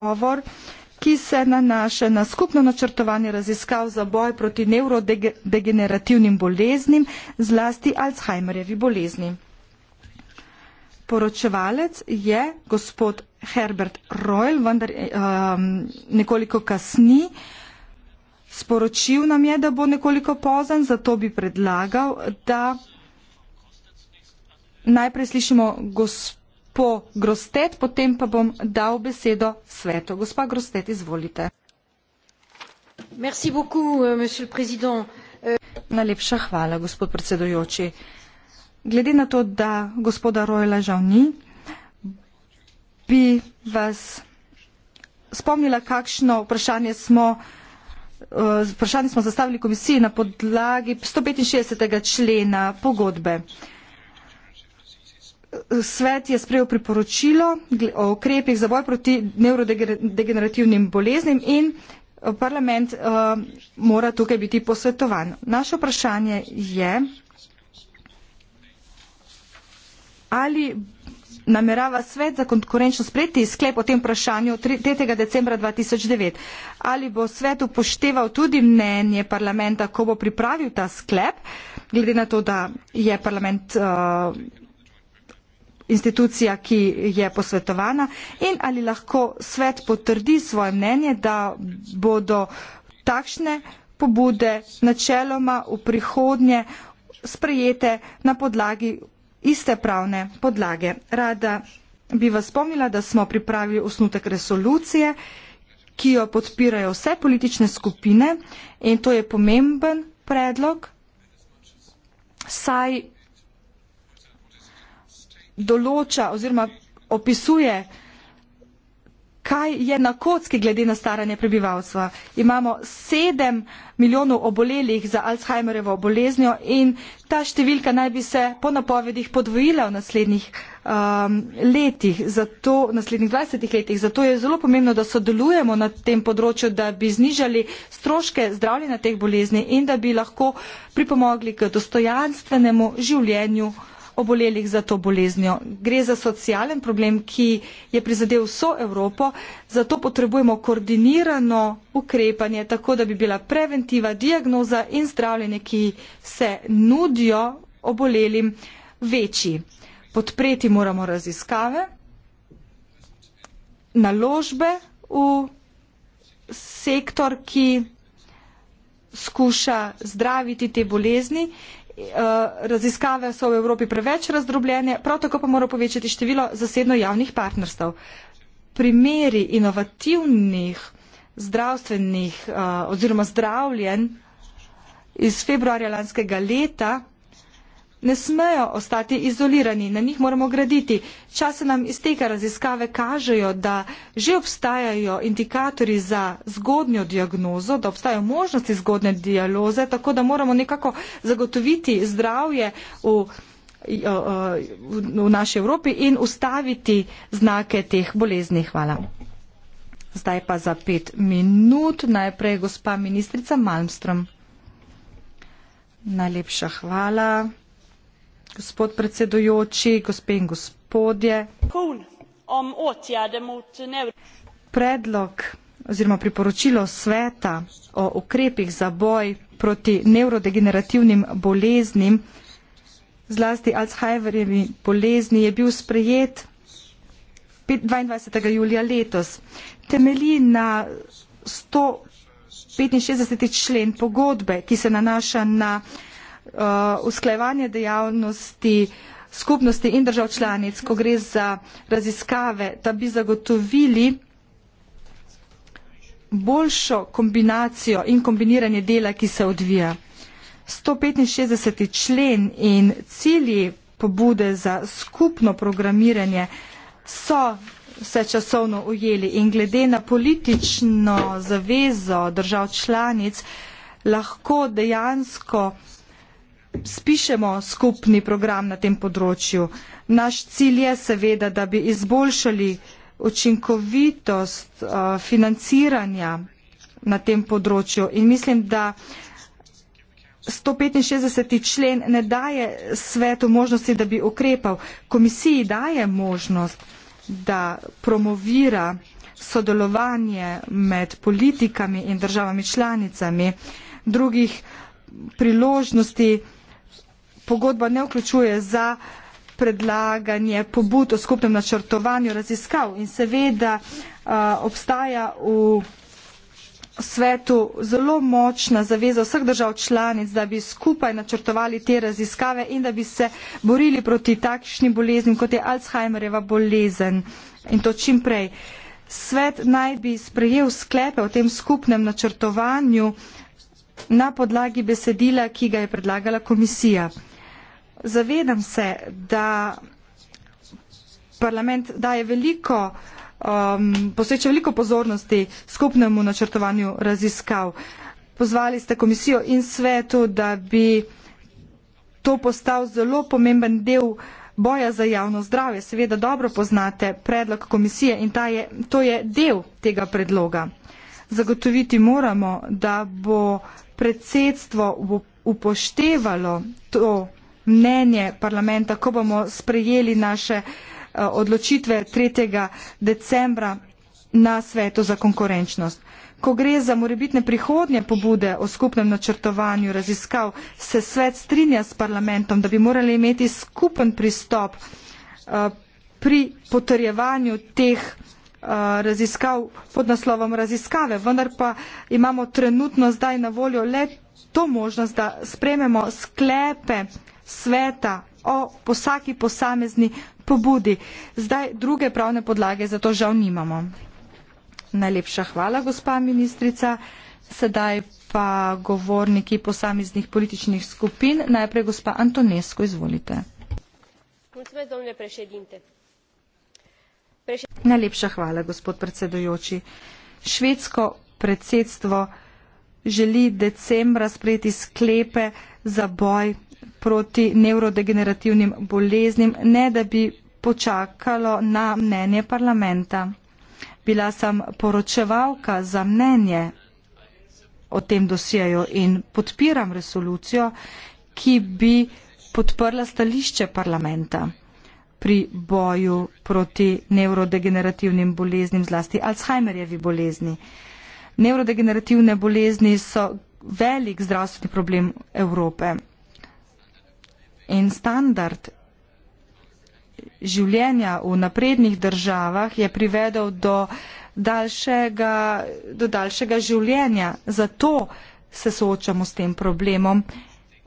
govor, ki se nanaša na skupno načrtovanje raziskav za boj proti nevrodegenerativnim boleznim, zlasti Alzheimerjevi bolezni. Poročevalec je gospod Herbert Royal, vendar um, nekoliko kasni. Sporočil nam je, da bo nekoliko pozan, zato bi predlagal, da najprej slišimo gospod gospo Grostet, potem pa bom dal besedo svetu. Gospa Grostet, izvolite. Merci beaucoup, euh, monsieur le président. Euh, Najlepša hvala, gospod predsedujoči. Glede na to, da gospoda Rojla žal ni, bi vas spomnila, kakšno vprašanje smo, eh, vprašanje smo zastavili komisiji na podlagi 165. člena pogodbe. Svet je sprejel priporočilo o ukrepih za boj proti nevrodegenerativnim boleznim in eh, parlament uh, mora tukaj biti posvetovan. Naše vprašanje je, ali namerava svet za konkurenčno sprejeti sklep o tem vprašanju 3. decembra 2009. Ali bo svet upošteval tudi mnenje parlamenta, ko bo pripravil ta sklep, glede na to, da je parlament. Uh, institucija, ki je posvetovana in ali lahko svet potrdi svoje mnenje, da bodo takšne pobude načeloma v prihodnje sprejete na podlagi iste pravne podlage. Rada bi vas spomnila, da smo pripravili osnutek resolucije, ki jo podpirajo vse politične skupine in to je pomemben predlog, saj določa oziroma opisuje, kaj je na kocki glede na staranje prebivalstva. Imamo 7 milijonov obolelih za Alzheimerjevo boleznjo in ta številka naj bi se po napovedih podvojila v naslednjih um, letih, zato, naslednjih 20 letih. Zato je zelo pomembno, da sodelujemo na tem področju, da bi znižali stroške zdravljenja teh bolezni in da bi lahko pripomogli k dostojanstvenemu življenju obolelih za to boleznjo. Gre za socialen problem, ki je prizadel vso Evropo, zato potrebujemo koordinirano ukrepanje, tako da bi bila preventiva, diagnoza in zdravljenje, ki se nudijo obolelim, večji. Podpreti moramo raziskave, naložbe v sektor, ki skuša zdraviti te bolezni Eh, raziskave so v Evropi preveč razdrobljene, prav tako pa mora povečati število zasebno javnih partnerstv. Primeri inovativnih zdravstvenih eh, oziroma zdravljen iz februarja lanskega leta ne smejo ostati izolirani, na njih moramo graditi. Čas se nam iz tega raziskave kažejo, da že obstajajo indikatori za zgodnjo diagnozo, da obstajajo možnosti zgodne dialoze, tako da moramo nekako zagotoviti zdravje v, v naši Evropi in ustaviti znake teh bolezni. Hvala. Zdaj pa za pet minut. Najprej gospa ministrica Malmström. Najlepša hvala gospod predsedujoči gospe in gospodje predlog oziroma priporočilo sveta o ukrepih za boj proti nevrodegenerativnim boleznim zlasti Alzheimerjevi bolezni je bil sprejet 22. julija letos. Temelji na 165. člen pogodbe, ki se nanaša na uh, usklajevanje dejavnosti skupnosti in držav članic, ko gre za raziskave, da bi zagotovili boljšo kombinacijo in kombiniranje dela, ki se odvija. 165. člen in cilji pobude za skupno programiranje so se časovno ujeli in glede na politično zavezo držav članic lahko dejansko spišemo skupni program na tem področju. Naš cilj je seveda, da bi izboljšali učinkovitost uh, financiranja na tem področju in mislim, da 165. člen ne daje svetu možnosti, da bi ukrepal. Komisiji daje možnost, da promovira sodelovanje med politikami in državami članicami drugih priložnosti pogodba ne vključuje za predlaganje pobud o skupnem načrtovanju raziskav in seveda obstaja v svetu zelo močna zaveza vseh držav članic, da bi skupaj načrtovali te raziskave in da bi se borili proti takšnim boleznim, kot je Alzheimerjeva bolezen in to čim prej. Svet naj bi sprejel sklepe o tem skupnem načrtovanju na podlagi besedila, ki ga je predlagala komisija. Zavedam se, da parlament daje veliko, um, posveča veliko pozornosti skupnemu načrtovanju raziskav. Pozvali ste komisijo in svetu, da bi to postal zelo pomemben del boja za javno zdravje. Seveda dobro poznate predlog komisije in je, to je del tega predloga. Zagotoviti moramo, da bo predsedstvo upoštevalo to mnenje parlamenta, ko bomo sprejeli naše eh, odločitve 3. decembra na svetu za konkurenčnost. Ko gre za morebitne prihodnje pobude o skupnem načrtovanju raziskav, se svet strinja s parlamentom, da bi morali imeti skupen pristop eh, pri potrjevanju teh eh, raziskav pod naslovom raziskave, vendar pa imamo trenutno zdaj na voljo le to možnost, da sprememo sklepe sveta o vsaki posamezni pobudi. Zdaj druge pravne podlage za to žal nimamo. Najlepša hvala, gospa ministrica. Sedaj pa govorniki posameznih političnih skupin. Najprej gospa Antonesko, izvolite. Najlepša hvala, gospod predsedujoči. Švedsko predsedstvo želi decembra sprejeti sklepe za boj proti nevrodegenerativnim boleznim, ne da bi počakalo na mnenje parlamenta. Bila sem poročevalka za mnenje o tem dosijaju in podpiram resolucijo, ki bi podprla stališče parlamenta pri boju proti nevrodegenerativnim boleznim, zlasti Alzheimerjevi bolezni. Nevrodegenerativne bolezni so velik zdravstveni problem Evrope in standard življenja v naprednih državah je privedel do daljšega, do daljšega življenja. Zato se soočamo s tem problemom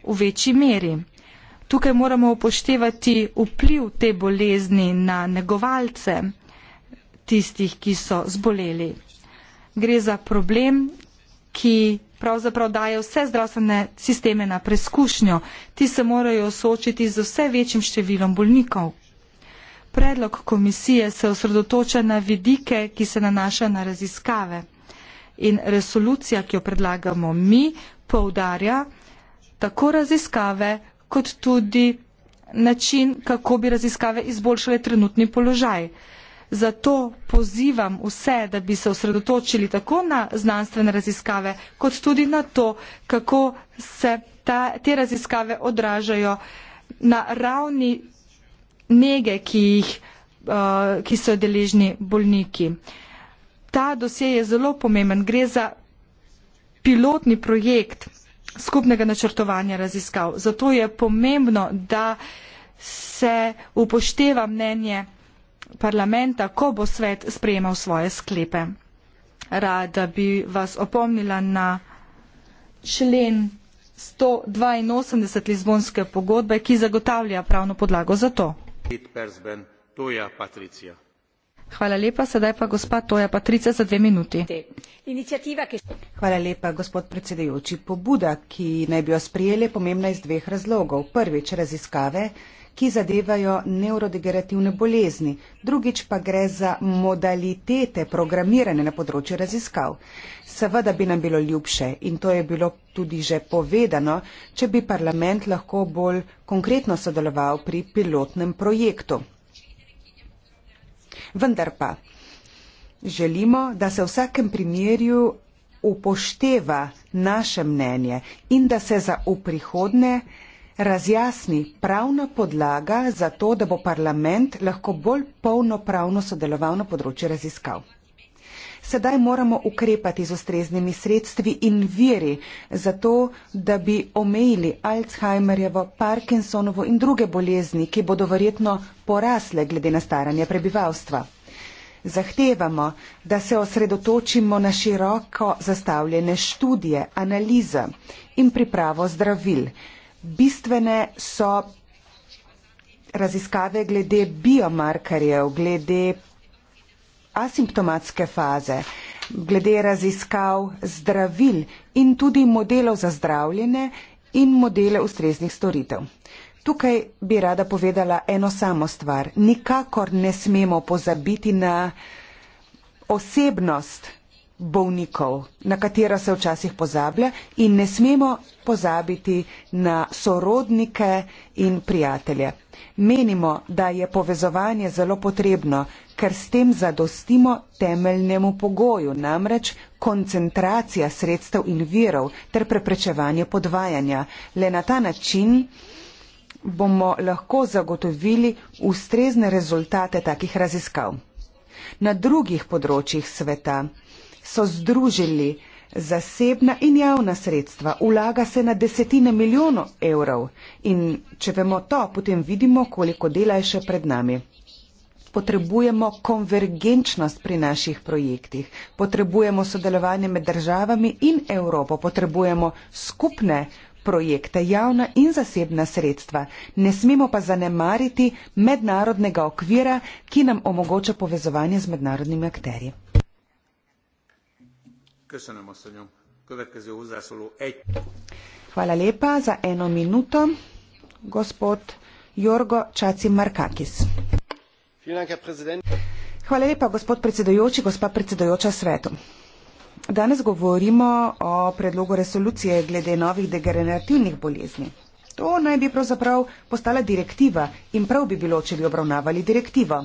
v večji meri. Tukaj moramo upoštevati vpliv te bolezni na negovalce tistih, ki so zboleli. Gre za problem, ki pravzaprav daje vse zdravstvene sisteme na preskušnjo. Ti se morajo soočiti z vse večjim številom bolnikov. Predlog komisije se osredotoča na vidike, ki se nanašajo na raziskave. In resolucija, ki jo predlagamo mi, poudarja tako raziskave, kot tudi način, kako bi raziskave izboljšale trenutni položaj. Zato pozivam vse, da bi se osredotočili tako na znanstvene raziskave, kot tudi na to, kako se ta, te raziskave odražajo na ravni nege, ki, jih, uh, ki so deležni bolniki. Ta dosje je zelo pomemben. Gre za pilotni projekt skupnega načrtovanja raziskav. Zato je pomembno, da se upošteva mnenje parlamenta ko bo svet sprejemal svoje sklepe. Rada bi vas opomnila na člen 182 Lizbonske pogodbe, ki zagotavlja pravno podlago za to. Hvala lepa, sedaj pa gospa Toja Patrice za dve minuti. Hvala lepa, gospod predsedujoči. Pobuda, ki naj bi jo sprijeli, je pomembna iz dveh razlogov. Prvič, raziskave ki zadevajo neurodegerativne bolezni, drugič pa gre za modalitete programiranja na področju raziskav. Seveda bi nam bilo ljubše in to je bilo tudi že povedano, če bi parlament lahko bolj konkretno sodeloval pri pilotnem projektu. Vendar pa želimo, da se v vsakem primerju upošteva naše mnenje in da se za v prihodne razjasni pravna podlaga za to, da bo parlament lahko bolj polnopravno sodeloval na področju raziskav. Sedaj moramo ukrepati z ustreznimi sredstvi in viri za to, da bi omejili Alzheimerjevo, Parkinsonovo in druge bolezni, ki bodo verjetno porasle glede na staranje prebivalstva. Zahtevamo, da se osredotočimo na široko zastavljene študije, analize in pripravo zdravil bistvene so raziskave glede biomarkerjev, glede asimptomatske faze, glede raziskav zdravil in tudi modelov za zdravljene in modele ustreznih storitev. Tukaj bi rada povedala eno samo stvar. Nikakor ne smemo pozabiti na osebnost bolnikov, na katera se včasih pozablja in ne smemo pozabiti na sorodnike in prijatelje. Menimo, da je povezovanje zelo potrebno, ker s tem zadostimo temeljnemu pogoju, namreč koncentracija sredstev in virov ter preprečevanje podvajanja. Le na ta način bomo lahko zagotovili ustrezne rezultate takih raziskav. Na drugih področjih sveta so združili zasebna in javna sredstva, vlaga se na desetine milijonov evrov in če vemo to, potem vidimo, koliko dela je še pred nami. Potrebujemo konvergenčnost pri naših projektih, potrebujemo sodelovanje med državami in Evropo, potrebujemo skupne projekte, javna in zasebna sredstva. Ne smemo pa zanemariti mednarodnega okvira, ki nam omogoča povezovanje z mednarodnimi akterji. Hvala lepa. Za eno minuto gospod Jorgo Čacimarkakis. Hvala lepa, gospod predsedujoči, gospa predsedujoča svetu. Danes govorimo o predlogu resolucije glede novih degenerativnih bolezni. To naj bi pravzaprav postala direktiva in prav bi bilo, če bi obravnavali direktivo.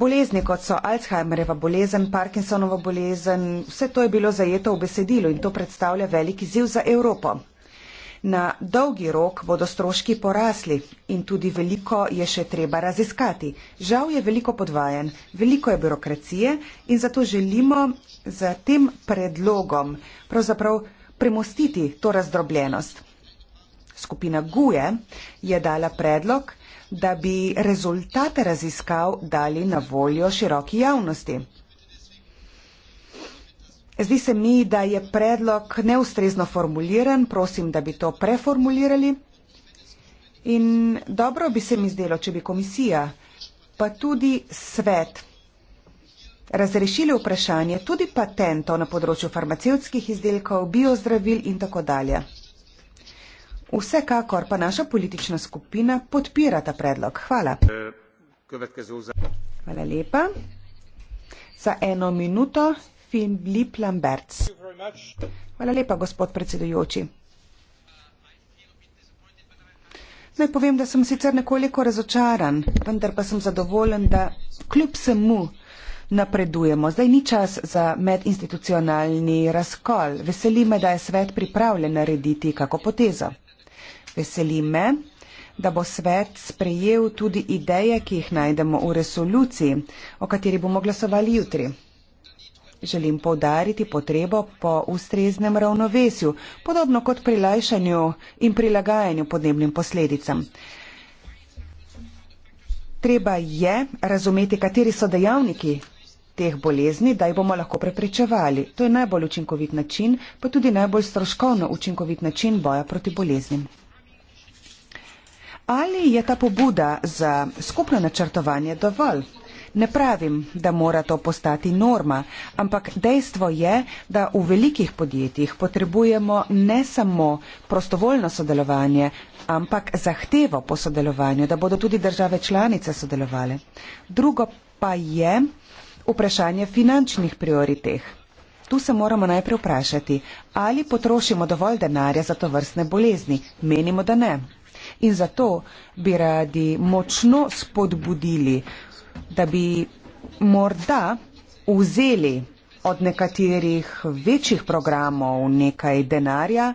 Bolezni, kot so Alzheimerjeva bolezen, Parkinsonova bolezen, vse to je bilo zajeto v besedilu in to predstavlja veliki ziv za Evropo. Na dolgi rok bodo stroški porasli in tudi veliko je še treba raziskati. Žal je veliko podvajen, veliko je birokracije in zato želimo za tem predlogom pravzaprav premostiti to razdrobljenost. Skupina GUE je dala predlog, da bi rezultate raziskav dali na voljo široki javnosti. Zdi se mi, da je predlog neustrezno formuliran, prosim, da bi to preformulirali. In dobro bi se mi zdelo, če bi komisija, pa tudi svet, razrešili vprašanje tudi patentov na področju farmacevskih izdelkov, biozdravil in tako dalje. Vsekakor pa naša politična skupina podpira ta predlog. Hvala. Hvala lepa. Za eno minuto Filip Lamberts. Hvala lepa, gospod predsedujoči. Naj povem, da sem sicer nekoliko razočaran, vendar pa sem zadovoljen, da kljub semu napredujemo. Zdaj ni čas za medinstitucionalni razkol. Veseli me, da je svet pripravljen narediti kako potezo. Veseli me, da bo svet sprejel tudi ideje, ki jih najdemo v resoluciji, o kateri bomo glasovali jutri. Želim povdariti potrebo po ustreznem ravnovesju, podobno kot prilajšanju in prilagajanju podnebnim posledicam. Treba je razumeti, kateri so dejavniki teh bolezni, da jih bomo lahko preprečevali. To je najbolj učinkovit način, pa tudi najbolj stroškovno učinkovit način boja proti boleznim. Ali je ta pobuda za skupno načrtovanje dovolj? Ne pravim, da mora to postati norma, ampak dejstvo je, da v velikih podjetjih potrebujemo ne samo prostovoljno sodelovanje, ampak zahtevo po sodelovanju, da bodo tudi države članice sodelovali. Drugo pa je vprašanje finančnih prioritet. Tu se moramo najprej vprašati, ali potrošimo dovolj denarja za to vrstne bolezni. Menimo, da ne in zato bi radi močno spodbudili, da bi morda vzeli od nekaterih večjih programov nekaj denarja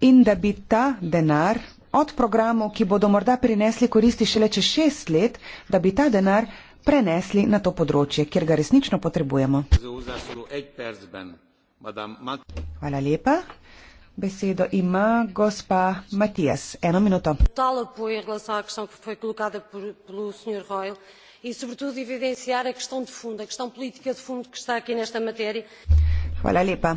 in da bi ta denar od programov, ki bodo morda prinesli koristi šele čez šest let, da bi ta denar prenesli na to področje, kjer ga resnično potrebujemo. Hvala lepa. Besedo ima gospa Matijas. Eno minuto. E, Hvala lepa.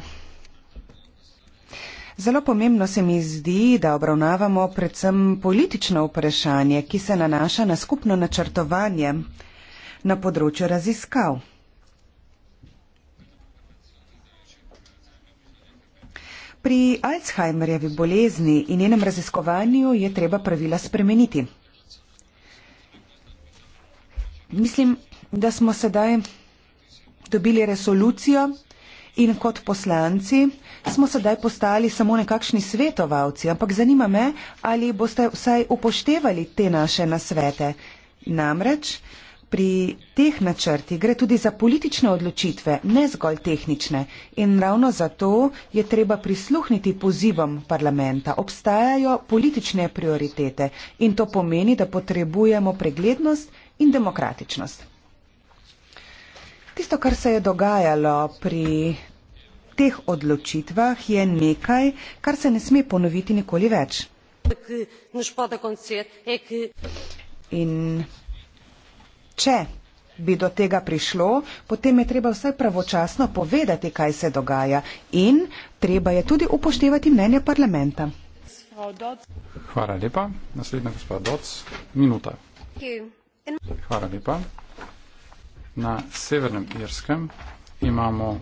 Zelo pomembno se mi zdi, da obravnavamo predvsem politično vprašanje, ki se nanaša na skupno načrtovanje na področju raziskav. Pri Alzheimerjevi bolezni in njenem raziskovanju je treba pravila spremeniti. Mislim, da smo sedaj dobili resolucijo in kot poslanci smo sedaj postali samo nekakšni svetovalci, ampak zanima me, ali boste vsaj upoštevali te naše nasvete. Namreč Pri teh načrtih gre tudi za politične odločitve, ne zgolj tehnične. In ravno zato je treba prisluhniti pozivom parlamenta. Obstajajo politične prioritete in to pomeni, da potrebujemo preglednost in demokratičnost. Tisto, kar se je dogajalo pri teh odločitvah, je nekaj, kar se ne sme ponoviti nikoli več. In če bi do tega prišlo, potem je treba vsaj pravočasno povedati, kaj se dogaja in treba je tudi upoštevati mnenje parlamenta. Hvala lepa. Naslednja gospa Doc. Minuta. Hvala lepa. Na severnem Irskem imamo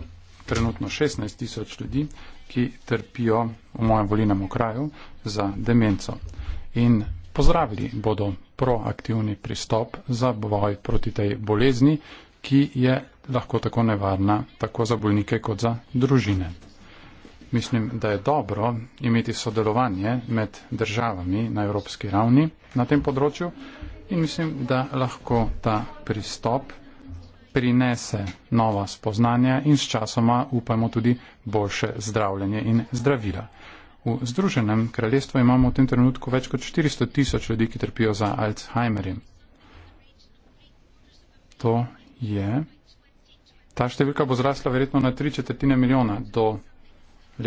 trenutno 16 tisoč ljudi, ki trpijo v mojem volinem okraju za demenco. In pozdravili bodo proaktivni pristop za boj proti tej bolezni, ki je lahko tako nevarna tako za bolnike kot za družine. Mislim, da je dobro imeti sodelovanje med državami na evropski ravni na tem področju in mislim, da lahko ta pristop prinese nova spoznanja in s časoma upajmo tudi boljše zdravljenje in zdravila. V Združenem kraljestvu imamo v tem trenutku več kot 400 tisoč ljudi, ki trpijo za Alzheimerjem. To je. Ta številka bo zrasla verjetno na tri četrtine milijona do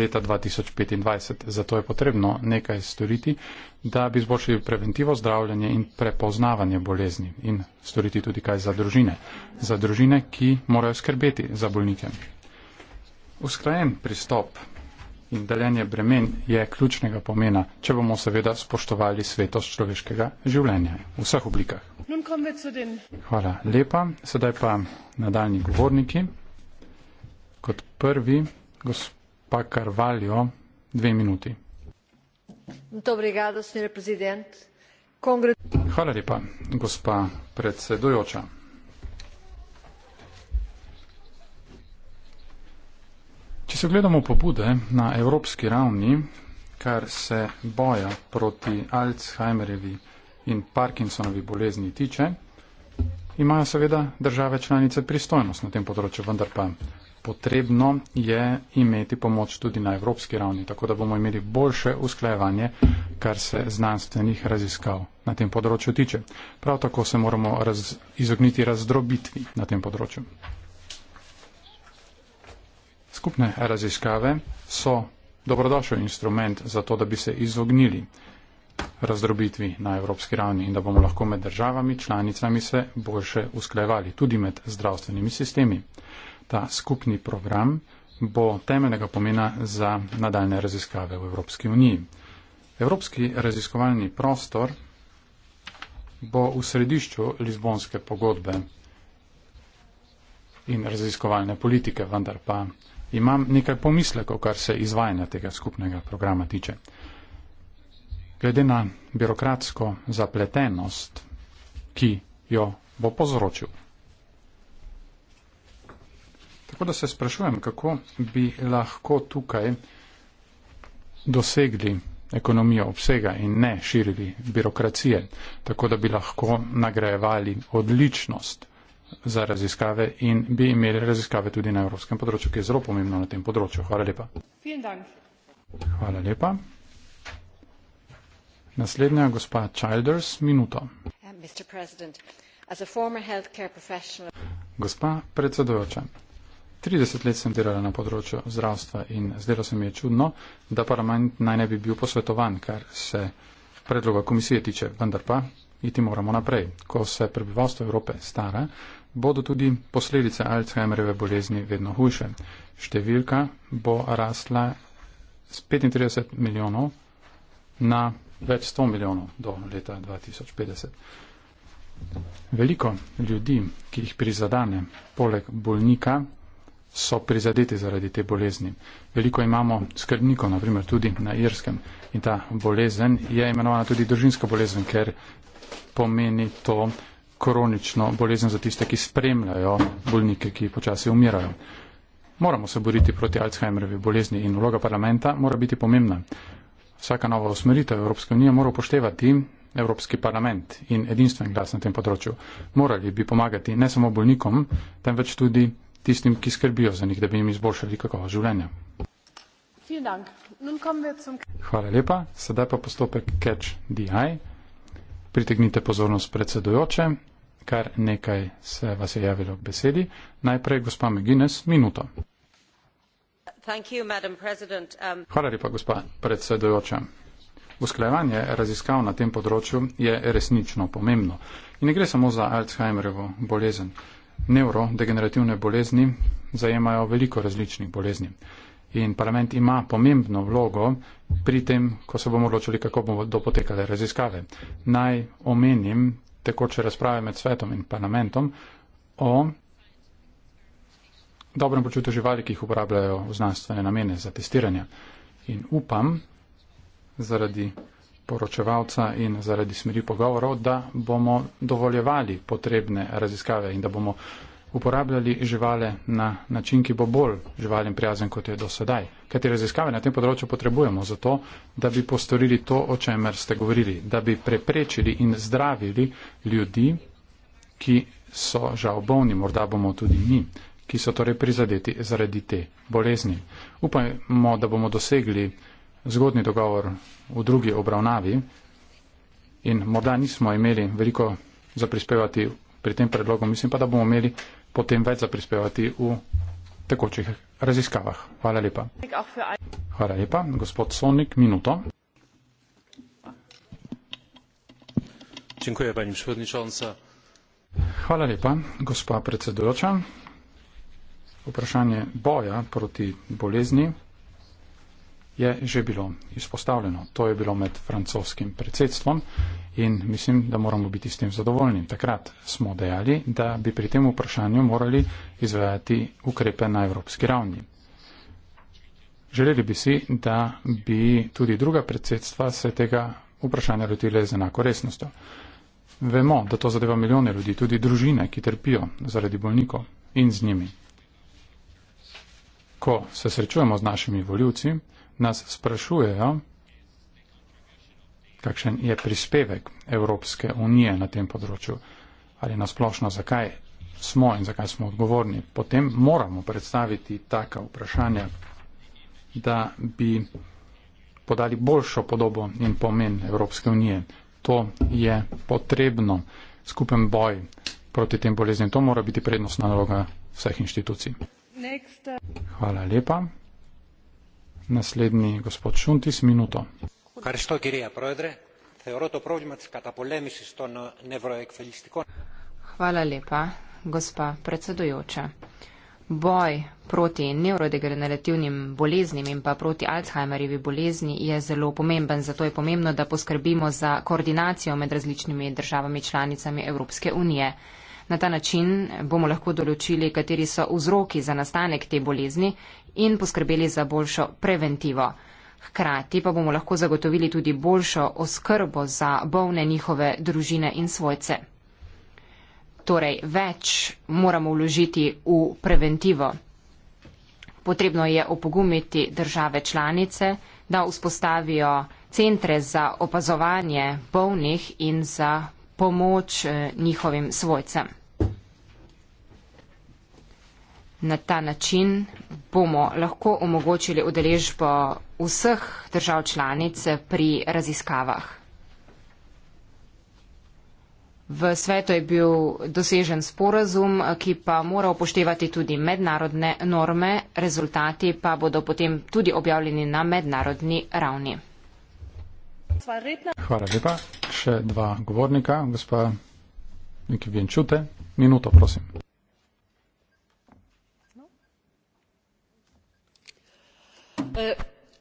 leta 2025. Zato je potrebno nekaj storiti, da bi izboljšali preventivo, zdravljanje in prepoznavanje bolezni in storiti tudi kaj za družine. Za družine, ki morajo skrbeti za bolnike. Usklajen pristop in deljenje bremen je ključnega pomena, če bomo seveda spoštovali svetost človeškega življenja v vseh oblikah. Hvala lepa. Sedaj pa nadaljni govorniki. Kot prvi, gospa Karvaljo, dve minuti. Hvala lepa, gospa predsedujoča. Če se gledamo pobude na evropski ravni, kar se boja proti Alzheimerjevi in Parkinsonovi bolezni tiče, imajo seveda države članice pristojnost na tem področju, vendar pa potrebno je imeti pomoč tudi na evropski ravni, tako da bomo imeli boljše usklajevanje, kar se znanstvenih raziskav na tem področju tiče. Prav tako se moramo raz izogniti razdrobitvi na tem področju skupne raziskave so dobrodošel instrument za to, da bi se izognili razdrobitvi na evropski ravni in da bomo lahko med državami, članicami se boljše usklajevali, tudi med zdravstvenimi sistemi. Ta skupni program bo temeljnega pomena za nadaljne raziskave v Evropski uniji. Evropski raziskovalni prostor bo v središču Lizbonske pogodbe in raziskovalne politike, vendar pa imam nekaj pomislekov, kar se izvajanja tega skupnega programa tiče. Glede na birokratsko zapletenost, ki jo bo povzročil. Tako da se sprašujem, kako bi lahko tukaj dosegli ekonomijo obsega in ne širili birokracije, tako da bi lahko nagrajevali odličnost za raziskave in bi imeli raziskave tudi na evropskem področju, ki je zelo pomembno na tem področju. Hvala lepa. Hvala lepa. Naslednja gospa Childers, minuto. Uh, gospa predsedujoča, 30 let sem delala na področju zdravstva in zdelo se mi je čudno, da parlament naj ne bi bil posvetovan, kar se predloga komisije tiče, vendar pa iti moramo naprej. Ko se prebivalstvo Evrope stara, bodo tudi posledice Alzheimerjeve bolezni vedno hujše. Številka bo rasla z 35 milijonov na več 100 milijonov do leta 2050. Veliko ljudi, ki jih prizadane poleg bolnika, so prizadeti zaradi te bolezni. Veliko imamo skrbnikov, naprimer tudi na Irskem. In ta bolezen je imenovana tudi družinska bolezen, ker pomeni to, kronično bolezen za tiste, ki spremljajo bolnike, ki počasi umirajo. Moramo se boriti proti Alzheimerjevi bolezni in vloga parlamenta mora biti pomembna. Vsaka nova usmeritev Evropske unije mora upoštevati Evropski parlament in edinstven glas na tem področju. Morali bi pomagati ne samo bolnikom, temveč tudi tistim, ki skrbijo za njih, da bi jim izboljšali kakovo življenje. Hvala lepa. Sedaj pa postopek catch the eye pritegnite pozornost predsedujoče, kar nekaj se vas je javilo k besedi. Najprej gospa McGuinness, minuto. Um, Hvala lepa, gospa predsedujoča. Usklajevanje raziskav na tem področju je resnično pomembno. In ne gre samo za Alzheimerjevo bolezen. Neurodegenerativne bolezni zajemajo veliko različnih bolezni. In parlament ima pomembno vlogo pri tem, ko se bomo odločili, kako bomo dopotekale raziskave. Naj omenim tekoče razprave med svetom in parlamentom o dobrem počutju živali, ki jih uporabljajo v znanstvene namene za testiranje. In upam, zaradi poročevalca in zaradi smeri pogovorov, da bomo dovoljevali potrebne raziskave in da bomo uporabljali živale na način, ki bo bolj živalim prijazen, kot je do sedaj. Kajti raziskave na tem področju potrebujemo zato, da bi postorili to, o čemer ste govorili, da bi preprečili in zdravili ljudi, ki so žal bolni, morda bomo tudi mi, ki so torej prizadeti zaradi te bolezni. Upajmo, da bomo dosegli zgodni dogovor v drugi obravnavi in morda nismo imeli veliko za prispevati pri tem predlogu. Mislim pa, da bomo imeli potem več za prispevati v tekočih raziskavah. Hvala lepa. Hvala lepa. Gospod Sonik, minuto. Hvala lepa, gospa predsedujoča. Vprašanje boja proti bolezni je že bilo izpostavljeno. To je bilo med francoskim predsedstvom in mislim, da moramo biti s tem zadovoljni. Takrat smo dejali, da bi pri tem vprašanju morali izvajati ukrepe na evropski ravni. Želeli bi si, da bi tudi druga predsedstva se tega vprašanja lotile z enako resnostjo. Vemo, da to zadeva milijone ljudi, tudi družine, ki trpijo zaradi bolnikov in z njimi. Ko se srečujemo z našimi voljivci, nas sprašujejo, kakšen je prispevek Evropske unije na tem področju ali nasplošno, zakaj smo in zakaj smo odgovorni, potem moramo predstaviti taka vprašanja, da bi podali boljšo podobo in pomen Evropske unije. To je potrebno. Skupen boj proti tem boleznim, to mora biti prednostna naloga vseh inštitucij. Next. Hvala lepa. Naslednji gospod Šuntis, minuto. Hvala lepa, gospa predsedujoča. Boj proti nevrodegenerativnim boleznim in pa proti Alzheimerjevi bolezni je zelo pomemben, zato je pomembno, da poskrbimo za koordinacijo med različnimi državami članicami Evropske unije. Na ta način bomo lahko določili, kateri so vzroki za nastanek te bolezni in poskrbeli za boljšo preventivo. Hkrati pa bomo lahko zagotovili tudi boljšo oskrbo za bolne njihove družine in svojce. Torej, več moramo vložiti v preventivo. Potrebno je opogumiti države članice, da vzpostavijo centre za opazovanje bolnih in za pomoč eh, njihovim svojcem na ta način bomo lahko omogočili udeležbo vseh držav članic pri raziskavah. V svetu je bil dosežen sporazum, ki pa mora upoštevati tudi mednarodne norme, rezultati pa bodo potem tudi objavljeni na mednarodni ravni. Hvala lepa. Še dva govornika, gospa Nikivjenčute. Minuto, prosim. Eh,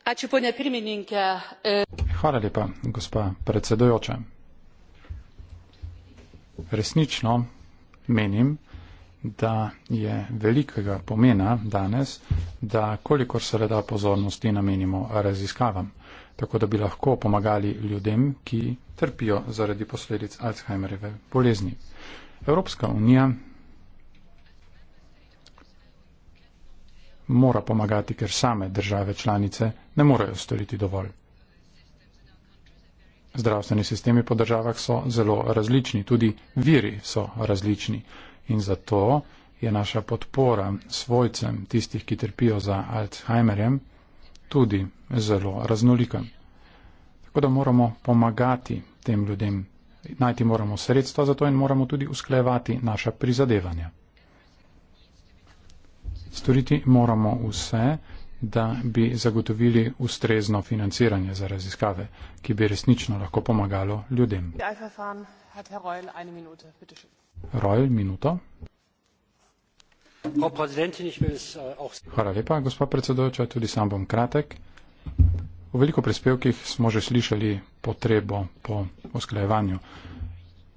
eh, Hvala lepa, gospa predsedujoča. Resnično menim, da je velikega pomena danes, da kolikor se le da pozornosti namenimo raziskavam, tako da bi lahko pomagali ljudem, ki trpijo zaradi posledic Alzheimerjeve bolezni. Evropska unija mora pomagati, ker same države članice ne morejo storiti dovolj. Zdravstveni sistemi po državah so zelo različni, tudi viri so različni in zato je naša podpora svojcem tistih, ki trpijo za Alzheimerjem, tudi zelo raznolika. Tako da moramo pomagati tem ljudem, najti moramo sredstva za to in moramo tudi usklejevati naša prizadevanja. Storiti moramo vse, da bi zagotovili ustrezno financiranje za raziskave, ki bi resnično lahko pomagalo ljudem. Reul, minuto. Äh, Hvala lepa, gospod predsedojoča, tudi sam bom kratek. V veliko prispevkih smo že slišali potrebo po usklajevanju.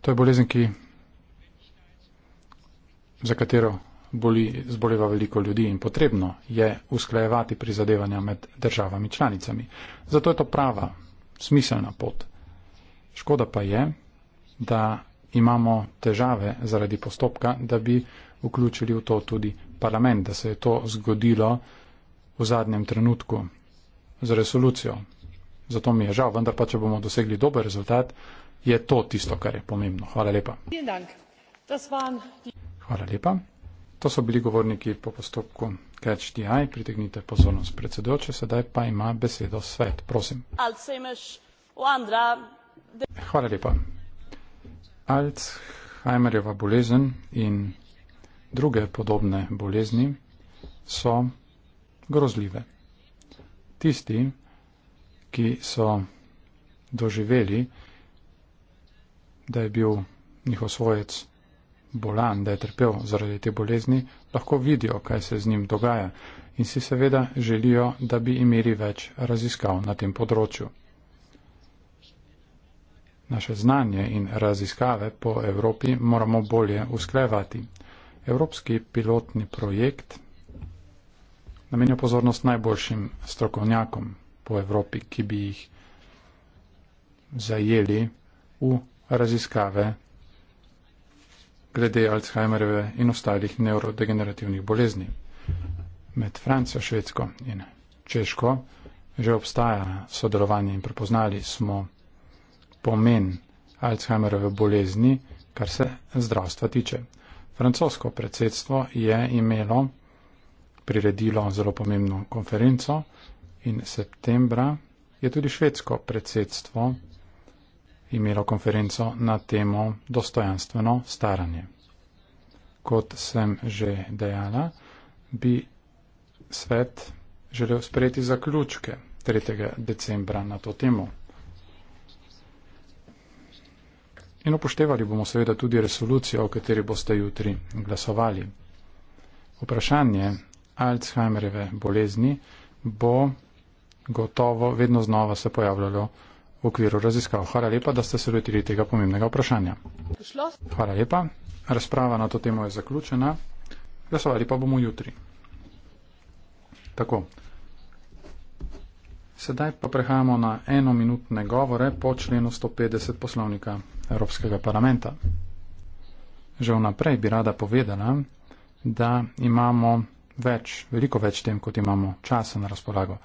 To je bolezen, ki, za katero boli, zboleva veliko ljudi in potrebno je usklajevati prizadevanja med državami članicami. Zato je to prava, smiselna pot. Škoda pa je, da imamo težave zaradi postopka, da bi vključili v to tudi parlament, da se je to zgodilo v zadnjem trenutku z resolucijo. Zato mi je žal, vendar pa, če bomo dosegli dober rezultat, je to tisto, kar je pomembno. Hvala lepa. Hvala lepa. To so bili govorniki po postopku CatchDI, pritegnite pozornost predsedoče, sedaj pa ima besedo svet, prosim. Hvala lepa. Alzheimerjeva bolezen in druge podobne bolezni so grozljive. Tisti, ki so doživeli, da je bil njihov svojec bolan, da je trpel zaradi te bolezni, lahko vidijo, kaj se z njim dogaja in si seveda želijo, da bi imeli več raziskav na tem področju. Naše znanje in raziskave po Evropi moramo bolje usklejevati. Evropski pilotni projekt namenja pozornost najboljšim strokovnjakom po Evropi, ki bi jih zajeli v raziskave glede Alzheimerjeve in ostalih nevrodegenerativnih bolezni. Med Francijo, Švedsko in Češko že obstaja sodelovanje in prepoznali smo pomen Alzheimerjeve bolezni, kar se zdravstva tiče. Francosko predsedstvo je imelo priredilo zelo pomembno konferenco in septembra je tudi švedsko predsedstvo imelo konferenco na temo dostojanstveno staranje. Kot sem že dejala, bi svet želel sprejeti zaključke 3. decembra na to temo. In upoštevali bomo seveda tudi resolucijo, o kateri boste jutri glasovali. Vprašanje Alzheimerjeve bolezni bo gotovo vedno znova se pojavljalo v okviru raziskav. Hvala lepa, da ste se lotili tega pomembnega vprašanja. Hvala lepa. Razprava na to temo je zaključena. Glasovali pa bomo jutri. Tako. Sedaj pa prehajamo na enominutne govore po členu 150 poslovnika Evropskega parlamenta. Že vnaprej bi rada povedala, da imamo več, veliko več tem, kot imamo časa na razpolago.